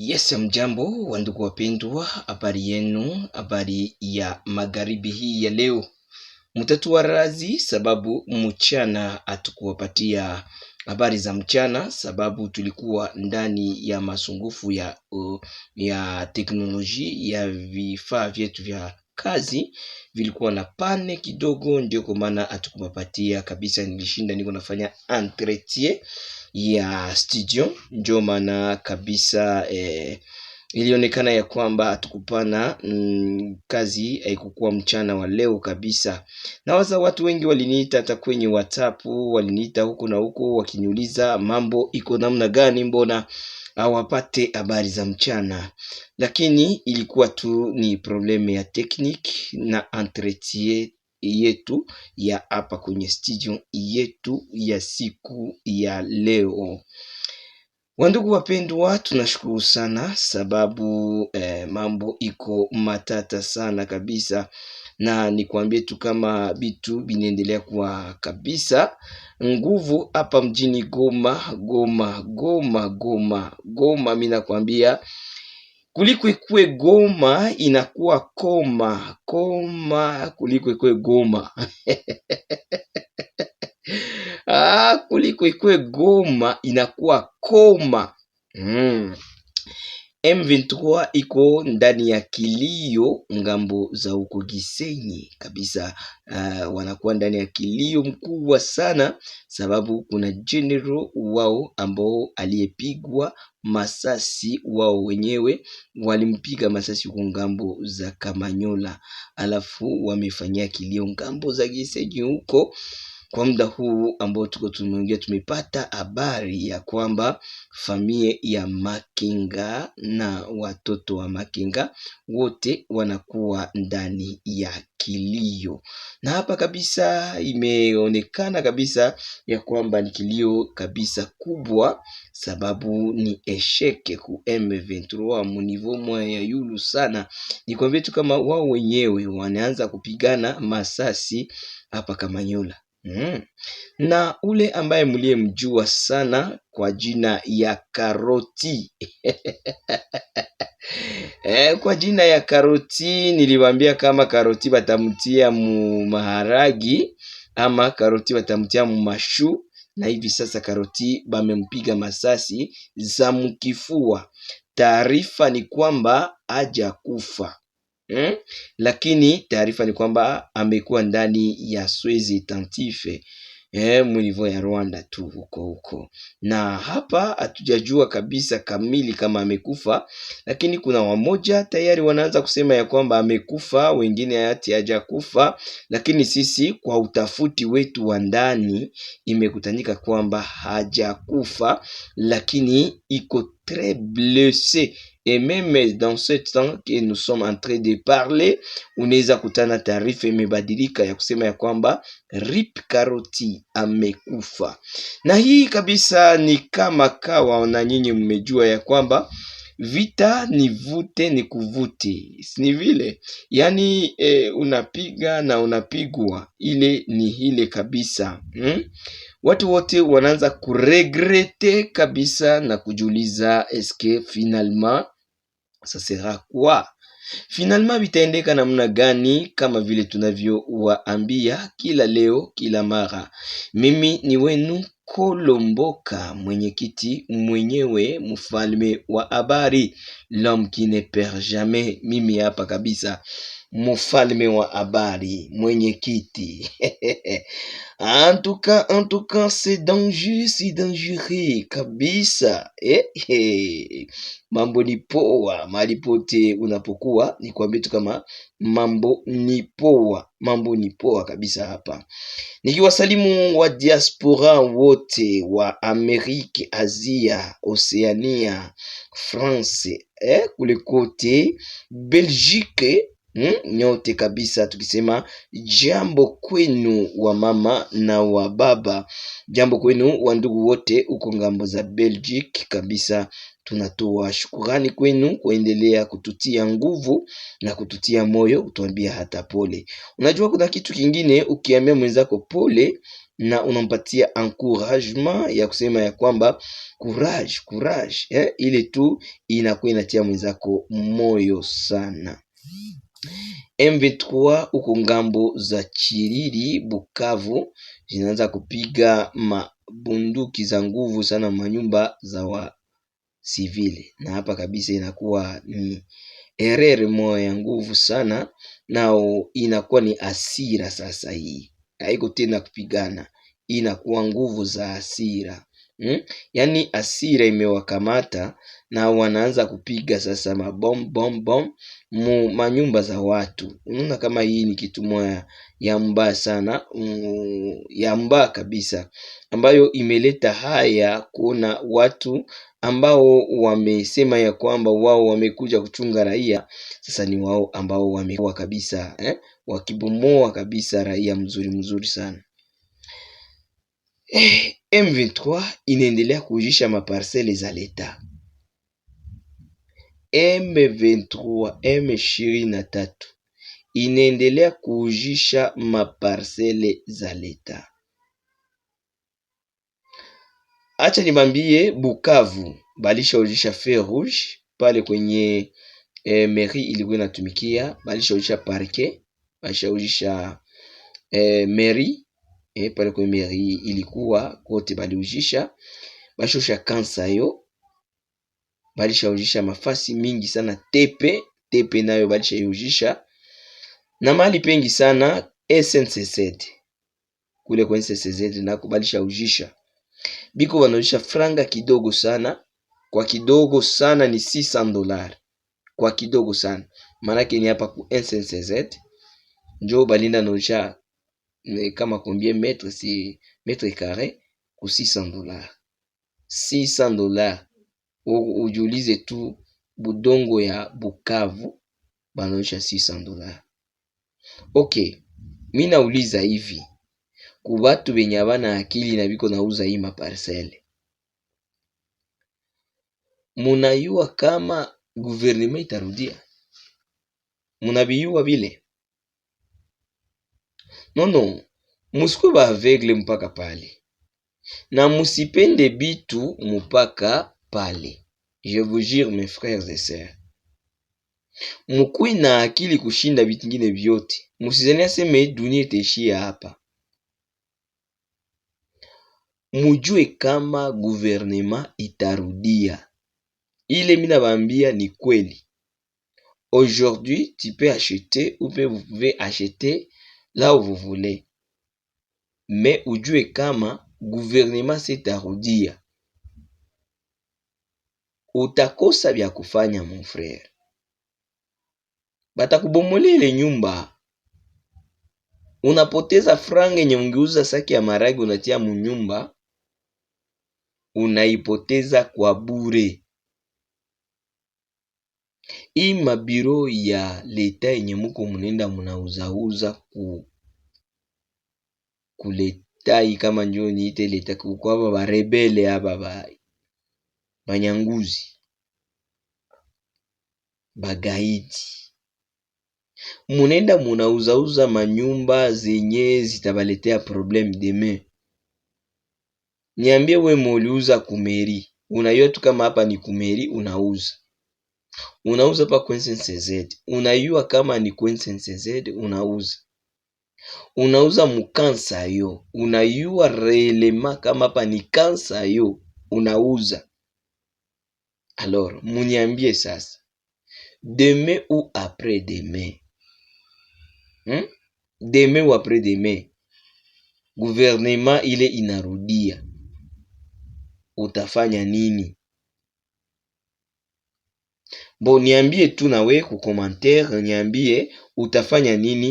Yes, mjambo wa ndugu wapendwa, habari yenu, habari ya magharibi hii ya leo. Mtatuwa razi sababu mchana hatukuwapatia habari za mchana, sababu tulikuwa ndani ya masungufu ya, uh, ya teknolojia ya vifaa vyetu vya kazi vilikuwa na pane kidogo, ndio kwa maana hatukuwapatia kabisa. Nilishinda niko nafanya entretien ya studio ndio maana kabisa eh, ilionekana ya kwamba hatukupana mm, kazi haikukuwa mchana wa leo kabisa. Na waza watu wengi waliniita hata kwenye WhatsApp, waliniita huko na huko wakiniuliza mambo iko namna gani, mbona hawapate habari za mchana, lakini ilikuwa tu ni probleme ya technique na entretien yetu ya hapa kwenye studio yetu ya siku ya leo. Wandugu wapendwa, tunashukuru sana sababu eh, mambo iko matata sana kabisa, na nikwambie tu kama bitu binaendelea kuwa kabisa nguvu hapa mjini Goma, Goma, Goma, Goma, Goma, mimi nakwambia kuliko ikuwe goma inakuwa koma koma, kuliko ikuwe goma ah, kuliko ikuwe goma inakuwa koma mm. M23 iko ndani ya kilio ngambo za huko Gisenyi kabisa. Uh, wanakuwa ndani ya kilio mkubwa sana, sababu kuna general wao ambao aliyepigwa masasi, wao wenyewe walimpiga masasi huko ngambo za Kamanyola, alafu wamefanyia kilio ngambo za Gisenyi huko kwa muda huu ambao tuko tumeongea, tumepata habari ya kwamba familia ya Makenga na watoto wa Makenga wote wanakuwa ndani ya kilio, na hapa kabisa imeonekana kabisa ya kwamba ni kilio kabisa kubwa, sababu ni esheke ku M23 munivo mwa ya yulu sana. Nikwambie tu kama wao wenyewe wanaanza kupigana masasi hapa Kamanyola. Mm. Na ule ambaye mliyemjua sana kwa jina ya Karoti e, kwa jina ya Karoti niliwaambia kama Karoti batamtia mu maharagi ama Karoti batamtia mu mashu, na hivi sasa Karoti bamempiga masasi za mkifua. Taarifa ni kwamba hajakufa hmm? Lakini taarifa ni kwamba amekuwa ndani ya Swezi Tantife eh, munivou ya Rwanda tu huko huko, na hapa hatujajua kabisa kamili kama amekufa, lakini kuna wamoja tayari wanaanza kusema ya kwamba amekufa, wengine hayati haja kufa, lakini sisi kwa utafuti wetu wa ndani imekutanyika kwamba hajakufa, lakini iko très blessés et même dans ce temps que nous sommes en train de parler unaweza kutana taarifa imebadilika ya kusema ya kwamba Rip Karoti amekufa, na hii kabisa ni kama kawa, na nyinyi mmejua ya kwamba Vita ni vute ni kuvuti ni vile yani e, unapiga na unapigwa, ile ni ile kabisa hmm? Watu wote wanaanza kuregrete kabisa na kujiuliza eske finalement ça sera quoi Finalma vitaendeka namna gani? Kama vile tunavyowaambia kila leo, kila mara, mimi ni wenu Kolomboka mwenyekiti mwenyewe mfalme wa habari, l'homme qui ne perd jamais. Mimi hapa kabisa mfalme wa habari, mwenyekiti antuka antuka, c'est dangereux, c'est dangereux kabisa eh, eh. Mambo ni poa mahali pote unapokuwa, ni kuambia tu kama mambo ni poa, mambo ni poa kabisa hapa, nikiwasalimu wa diaspora wote wa Amerike, Asia, Oceania, France eh, kule kote Belgique hmm? Nyote kabisa tukisema jambo kwenu wa mama na wa baba, jambo kwenu wa ndugu wote huko ngambo za Belgique kabisa. Tunatoa shukurani kwenu kuendelea kututia nguvu na kututia moyo, kutuambia hata pole. Unajua, kuna kitu kingine ukiambia mwenzako pole na unampatia encouragement ya kusema ya kwamba courage, courage eh, ile tu inakuwa inatia mwenzako moyo sana. M23 huko ngambo za Chiriri Bukavu zinaanza kupiga mabunduki za nguvu sana manyumba za wa sivili, na hapa kabisa inakuwa ni erere moya ya nguvu sana, nao inakuwa ni asira sasa. Hii haiko tena kupigana, inakuwa nguvu za asira mm? Yaani asira imewakamata na wanaanza kupiga sasa mabom bom bom mu manyumba za watu. Unaona kama hii ni kitu moya ya mbaya sana mm, ya mbaya kabisa ambayo imeleta haya kuona watu ambao wamesema ya kwamba wao wamekuja kuchunga raia, sasa ni wao ambao wamekuwa kabisa eh, wakibomoa kabisa raia mzuri mzuri sana eh. M23 inaendelea kujisha maparcele za leta. M23, M23 inaendelea kujisha maparcele za leta. Acha nibambie, Bukavu ujisha fer rouge pale kwenye eh, mairie ilikuwa inatumikia, balishauzisha parquet, ujisha eh, mairie eh, pale kwenye meri ilikuwa kote baliujisha bashosha kansa yo, balishaujisha mafasi mingi sana, tepe tepe nayo balishaiujisha na mali pengi sana SNCZ kule kwa na nako balishaujisha, biko wanaujisha franga kidogo sana, kwa kidogo sana ni 600 dollars kwa kidogo sana, maana ni hapa ku SNCZ njoo balinda naujisha kama combien mètre si mètre carré ku 600 dollars 600 dollars ujiulize tu budongo ya Bukavu banaisha 600 dollars. Okay, mi nauliza hivi kubatu benye abana akili na biko nauza hii maparcele, munayua kama guverneme itarudia? Munabiyua vile nono musikwe ba aveugle mpaka pale na musipende bitu mupaka pale. Je vous jure mes frères et sœurs, mukuwe na akili kushinda vitu vingine vyote. Musizani aseme dunia itaishia hapa. Mujue kama guvernema itarudia ile mina bambia, ni kweli. Aujourd'hui tu peux acheter ou vous pouvez acheter là où vous voulez. Mais ujue kama guvernema sitarudia, utakosa vya kufanya mon frere, batakubomolea ile nyumba, unapoteza franga yenye ungeuza saki ya maragi unatia munyumba, unaipoteza kwa bure. Hii mabiro ya leta yenye muko munenda munauzauza ku kuletai kama njo niite leta rebele ya barebele ba banyanguzi bagaidi munenda munauzauza manyumba zenye zitabaletea probleme demain. Niambie we muliuza kumeri, unajua kama hapa ni kumeri unauza unauza hapa Coinsense Z, unayua kama ni Coinsense Z unauza unauza mukansa yo, unayua reelema kama hapa ni kansa yo unauza. Alors muniambie sasa, deme ou apres deme hmm? deme ou apres deme guvernema ile inarudia, utafanya nini? Bo niambie tu ku kukomantere, niambie utafanya nini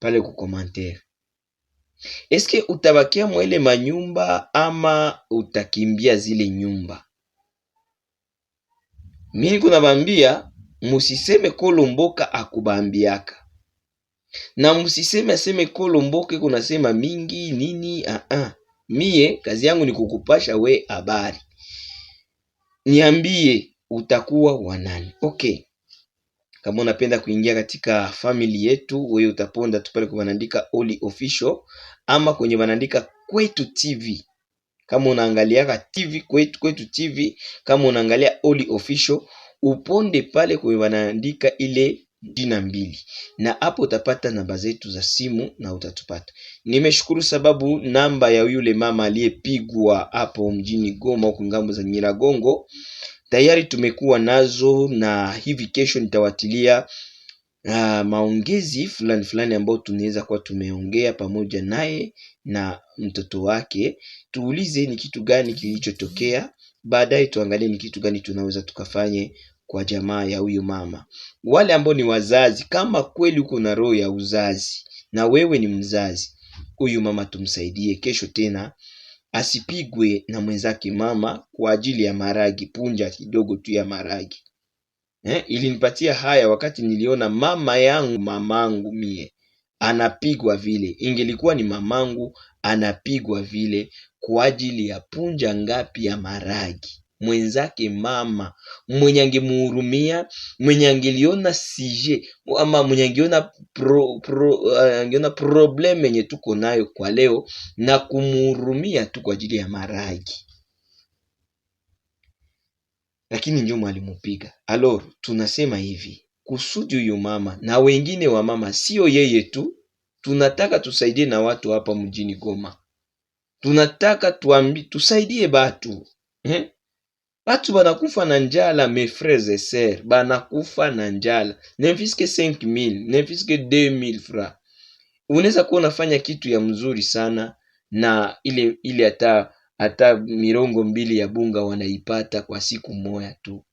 pale kukomantere. Eske utabakia mwele manyumba ama utakimbia zile nyumba? Mimi kuna bambia musiseme kolomboka akubambiaka na musiseme aseme kolomboka sema mingi nini. A a, mie kazi yangu ni kukupasha we habari. Niambie utakuwa wa nani? Okay, kama unapenda kuingia katika family yetu, wewe utaponda tu pale kwa wanaandika Holly Official ama kwenye wanaandika Kwetu TV kama unaangaliaka TV kwetu, kwetu TV kama unaangalia Holly Official uponde pale kwa wanaandika ile jina mbili, na hapo utapata namba zetu za simu na utatupata. Nimeshukuru sababu namba ya yule mama aliyepigwa hapo mjini Goma huko ngambo za Nyiragongo tayari tumekuwa nazo, na hivi kesho nitawatilia uh, maongezi fulani fulani ambao tunaweza kuwa tumeongea pamoja naye na mtoto wake, tuulize ni kitu gani kilichotokea. Baadaye tuangalie ni kitu gani tunaweza tukafanye kwa jamaa ya huyu mama. Wale ambao ni wazazi, kama kweli uko na roho ya uzazi na wewe ni mzazi, huyu mama tumsaidie. Kesho tena asipigwe na mwenzake mama kwa ajili ya maragi, punja kidogo tu ya maragi. Eh, ilinipatia haya wakati niliona mama yangu, mamangu mie anapigwa vile, ingelikuwa ni mamangu anapigwa vile kwa ajili ya punja ngapi ya maragi mwenzake mama mwenye angemuhurumia, mwenye angeliona sije ama mwenye angeona pro, pro, uh, angeona problem yenye tuko nayo kwa leo na kumuhurumia tu kwa ajili ya maragi, lakini ndio mwalimupiga alor. Tunasema hivi kusudi huyo mama na wengine wa mama, sio yeye tu, tunataka tusaidie na watu hapa mjini Goma, tunataka tuambi, tusaidie batu eh? batu banakufa na njala mes frères et sœurs, banakufa na njala, nemfiske mfiske 5000 nemfiske mfiske 2000 fra. Unaweza kuwa unafanya kitu ya mzuri sana na ile ile hata hata mirongo mbili ya bunga wanaipata kwa siku moja tu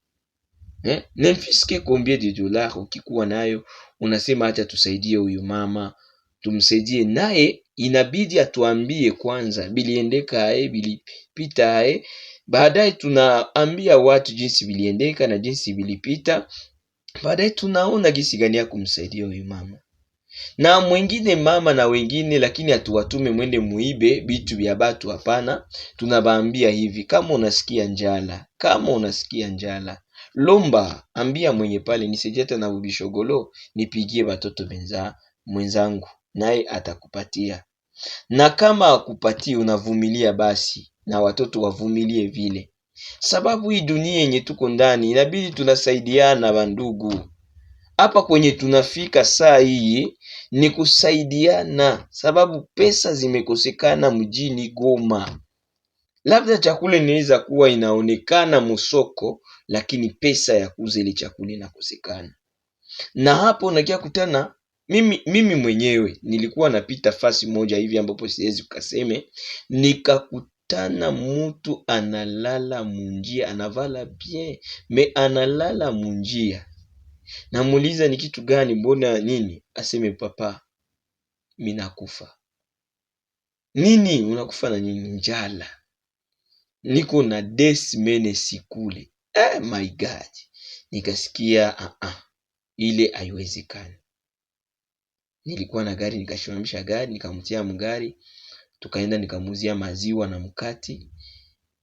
eh? ne mfiske combien de dollars ukikuwa nayo unasema acha tusaidie huyu mama tumsaidie naye, inabidi atuambie kwanza biliendeka aye bilipita aye Baadaye tunaambia watu jinsi viliendeka na jinsi vilipita. Baadaye tunaona jinsi gani ya kumsaidia huyu mama na mwingine mama na wengine, lakini hatuwatume mwende muibe bitu vya batu. Hapana, tunabaambia hivi, kama unasikia njala, kama unasikia njala lomba, ambia mwenye pale nisejeta na bubishogolo, nipigie batoto benza mwenzangu, naye atakupatia na kama akupatie unavumilia basi, na watoto wavumilie vile, sababu hii dunia yenye tuko ndani inabidi tunasaidiana bandugu. Hapa kwenye tunafika saa hii ni kusaidiana, sababu pesa zimekosekana mjini Goma. Labda chakula inaweza kuwa inaonekana musoko, lakini pesa ya kuuza ile chakula inakosekana. Na hapo nakia kutana mimi, mimi mwenyewe nilikuwa napita fasi moja hivi ambapo siwezi kukaseme nikakuta tana mutu analala munjia, anavala bien me analala munjia. Namuuliza ni kitu gani, mbona nini? Aseme papa, minakufa. Nini unakufa na nini? Njala, niko na des mene sikule. Eh, my God, nikasikia ah ah, ile haiwezekani. Nilikuwa na gari, nikashimamisha gari, nikamtia mgari tukaenda nikamuuzia maziwa na mkati,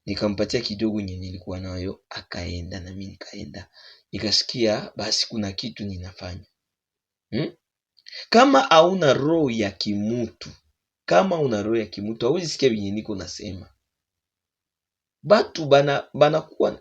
nikampatia kidogo yenye nilikuwa nayo, akaenda na mimi nikaenda, nikasikia basi kuna kitu ninafanya hmm? Kama hauna roho ya kimutu, kama una roho ya kimutu hauwezi sikia vyenye niko nasema. Batu bana banakuwa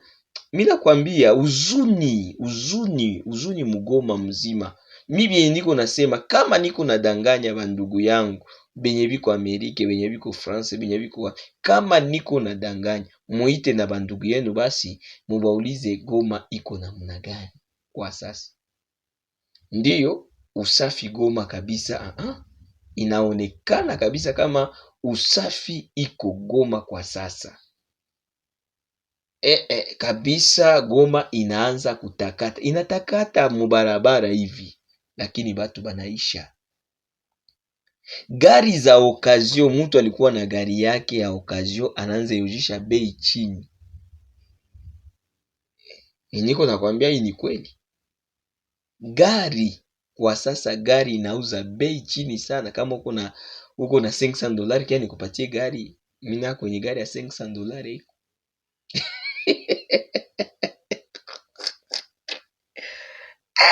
mimi nakwambia uzuni uzuni uzuni mugoma mzima. Mimi vyenye niko nasema, kama niko nadanganya bandugu yangu benye biko Amerike, benye biko France, benye biko wa. Kama niko na danganya, muite na bandugu yenu basi mubaulize Goma iko namna gani kwa sasa. Ndiyo usafi Goma kabisa, uh -huh. Inaonekana kabisa kama usafi iko Goma kwa sasa. E, e, kabisa Goma inaanza kutakata, inatakata mubarabara hivi, lakini batu banaisha Gari za okazio, mtu alikuwa na gari yake ya okazio anaanza yuzisha bei chini. Enyeko nakwambia hii ni kweli. Gari kwa sasa, gari inauza bei chini sana. Kama uko na uko na 500 dollars, kia nikupatie gari mimi na kwenye gari ya 500 dollars iko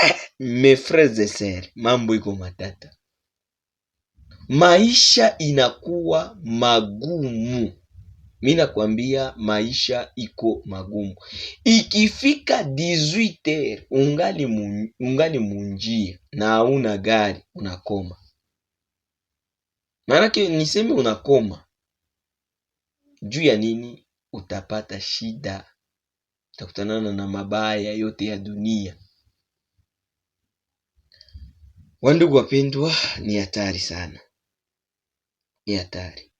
eh, mes frères et sœurs, mambo iko matata maisha inakuwa magumu. Mi nakwambia maisha iko magumu. Ikifika 18 ungali ungali munjia na hauna gari, unakoma. Maanake niseme unakoma juu ya nini? Utapata shida, utakutanana na mabaya yote ya dunia. Wandugu wapendwa, ni hatari sana ni hatari.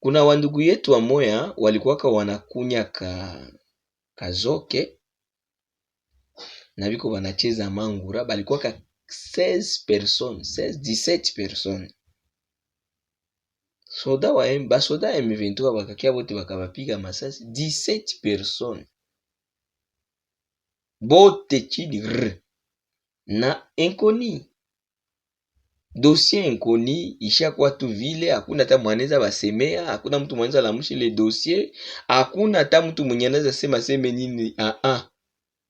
Kuna wandugu yetu wa moya walikuwaka wanakunya ka kazoke na biko banacheza mangura, balikuwaka 16 person 16 17 person soda wa M, basoda ya M23 bakakia bote bakabapiga masasi 17 person bote chini na enkoni dosie nkoni ishakuwa tu vile, hakuna hata mwenye anaweza basemea, hakuna mtu mwenye anaweza lamusha ile dosie, hakuna hata mtu mwenye anaweza sema seme nini. Ah ah,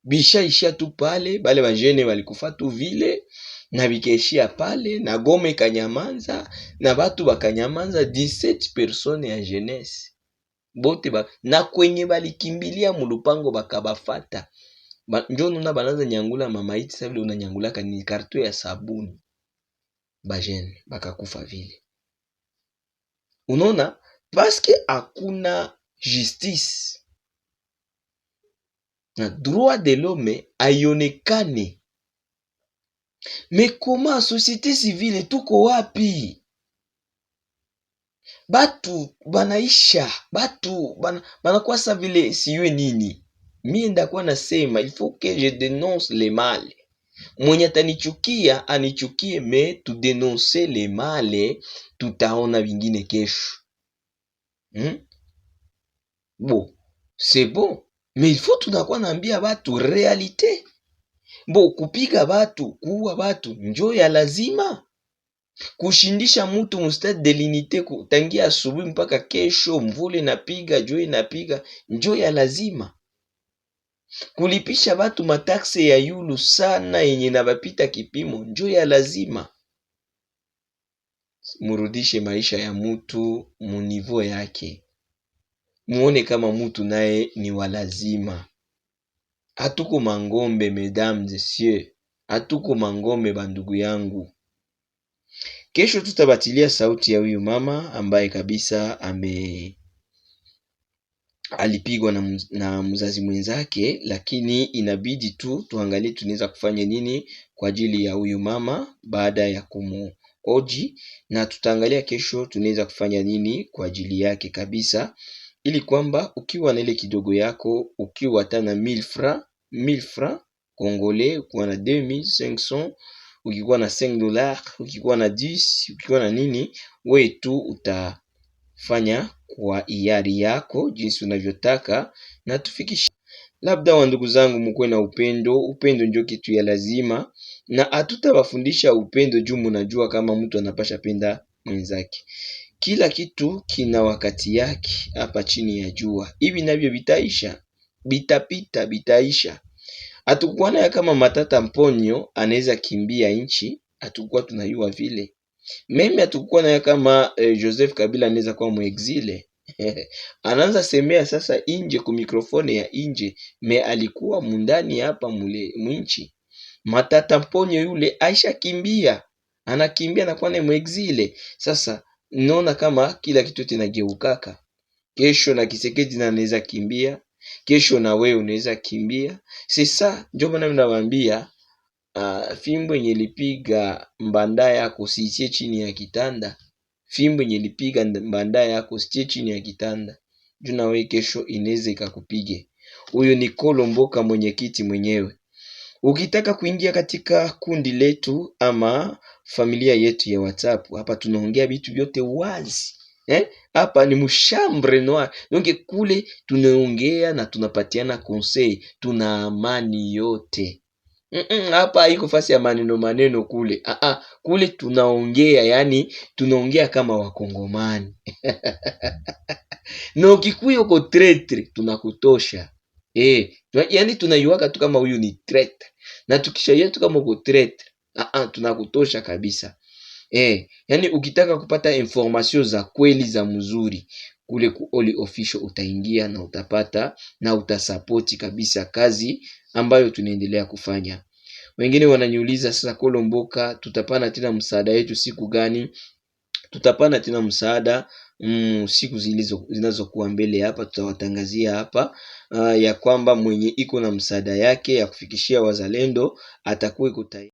bisha isha tu pale, bale bajene balikufa tu vile na bikaishia pale, na gome kanyamanza na batu bakanyamanza 17 persone ya jeunesse bote ba, na kwenye balikimbilia mulupango bakabafata ba, njo nuna banaza nyangula mamaiti. Sa vile unanyangulaka ni karto ya sabuni bajene bakakufa vile. Unaona, paske hakuna justice na droit de l'homme aionekane. Mekoma societe civile tuko wapi? Batu banaisha batu banakwasa bana vile siyue nini. Mie ndakuwa nasema il faut que je dénonce le mal Mwenye atanichukia anichukie, me tudenonse le male, tutaona vingine kesho. Hmm? Bo, se bon. Me ilfo tunakuwa naambia batu realite. Bo, kupiga batu, kuua batu njo ya lazima. Kushindisha mutu mustade de linite tangia asubuhi mpaka kesho, mvule napiga, piga inapiga, njo ya lazima. Kulipisha batu mataxe ya yulu sana yenye nabapita kipimo njo ya lazima, murudishe maisha ya mutu munivo yake, muone kama mutu naye ni wa lazima. Hatuko mangombe mesdames et hatuko mangombe bandugu yangu. Kesho tutabatilia sauti ya huyu mama ambaye kabisa ame alipigwa na, na mzazi mwenzake, lakini inabidi tu tuangalie tunaweza kufanya nini kwa ajili ya huyu mama baada ya kumuoji, na tutaangalia kesho tunaweza kufanya nini kwa ajili yake kabisa, ili kwamba ukiwa na ile kidogo yako, ukiwa tana 1000 francs 1000 francs kongole, ukiwa na 2500 ukikuwa na 5 dollars, ukikuwa na 10, ukikuwa na nini, we tu utafanya kwa hiari yako jinsi unavyotaka na tufikishe. Labda wa ndugu zangu, mukuwe na upendo. Upendo ndio kitu ya lazima, na hatutawafundisha upendo juu munajua kama mtu anapasha penda mwenzake. Kila kitu kina wakati yake hapa chini ya jua. Hivi navyo vitaisha, bitapita, bitaisha. Hatukuona kama Matata Mponyo anaweza kimbia nchi, hatukuwa tunayua vile. Meme hatukukuwa naye kama eh, Joseph Kabila anaweza kuwa muexile anaanza semea sasa inje ku mikrofone ya inje, me alikuwa mundani hapa mule mwinchi. Matata Mponyo yule aisha kimbia, anakimbia anakuwa naye muexile. Sasa naona kama kila kitu tinageukaka kesho na Kisekedi na anaweza kimbia kesho na wewe unaweza kimbia. Sasa ndio maana mimi Ah, fimbo yenye ilipiga mbanda yako usiitie chini ya kitanda. Fimbo yenye ilipiga mbanda yako usitie chini ya kitanda, juu nawe kesho inaweza ikakupige. Huyu ni Kolomboka, mwenyekiti mwenyewe. Ukitaka kuingia katika kundi letu ama familia yetu ya WhatsApp, hapa tunaongea vitu vyote wazi eh? Hapa ni mshambre noir donc, kule tunaongea na tunapatiana conseil, tuna amani yote hapa iko fasi ya maneno maneno kule. Aa, kule tunaongea, yani tunaongea kama Wakongomani na ukikuya uko tretre tunakutosha e, yani tunaiwaka tu kama huyu ni tretre, na tukishaia tu kama uko tretre aa, tunakutosha kabisa e, yani ukitaka kupata informasio za kweli za mzuri kule ku all official utaingia na utapata na utasapoti kabisa kazi ambayo tunaendelea kufanya. Wengine wananiuliza sasa, Kolomboka, tutapana tena msaada yetu siku gani? Tutapana tena msaada mm, siku zinazokuwa mbele hapa tutawatangazia hapa uh, ya kwamba mwenye iko na msaada yake ya kufikishia wazalendo atakuwa kutai